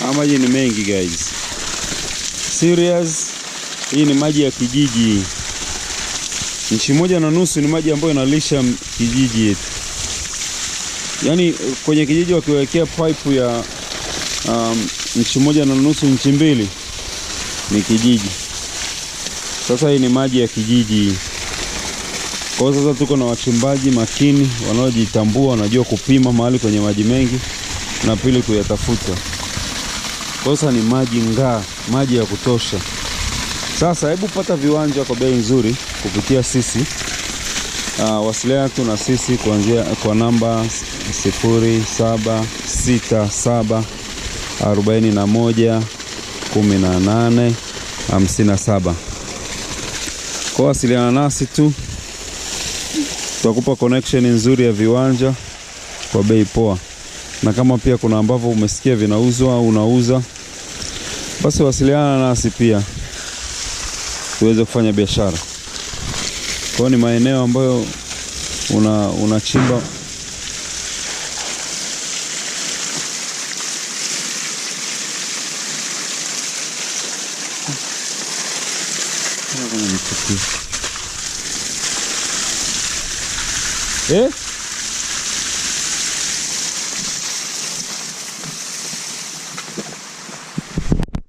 Haya maji ni mengi guys, serious. Hii ni maji ya kijiji, nchi moja na nusu ni maji ambayo inalisha kijiji yetu. Yaani kwenye kijiji wakiwekea pipe ya um, nchi moja na nusu, nchi mbili ni kijiji. Sasa hii ni maji ya kijiji. Kwa hiyo sasa tuko na wachimbaji makini wanaojitambua, wanajua kupima mahali kwenye maji mengi na pili kuyatafuta kosa ni maji ngaa, maji ya kutosha. Sasa hebu pata viwanja kwa bei nzuri kupitia sisi. Uh, wasiliana tu na sisi kuanzia kwa namba 0767 41 18 57. Kwa wasiliana nasi tu, tutakupa connection nzuri ya viwanja kwa bei poa na kama pia kuna ambavyo umesikia vinauzwa unauza, basi wasiliana nasi pia tuweze kufanya biashara. Kwa hiyo ni maeneo ambayo una unachimba eh?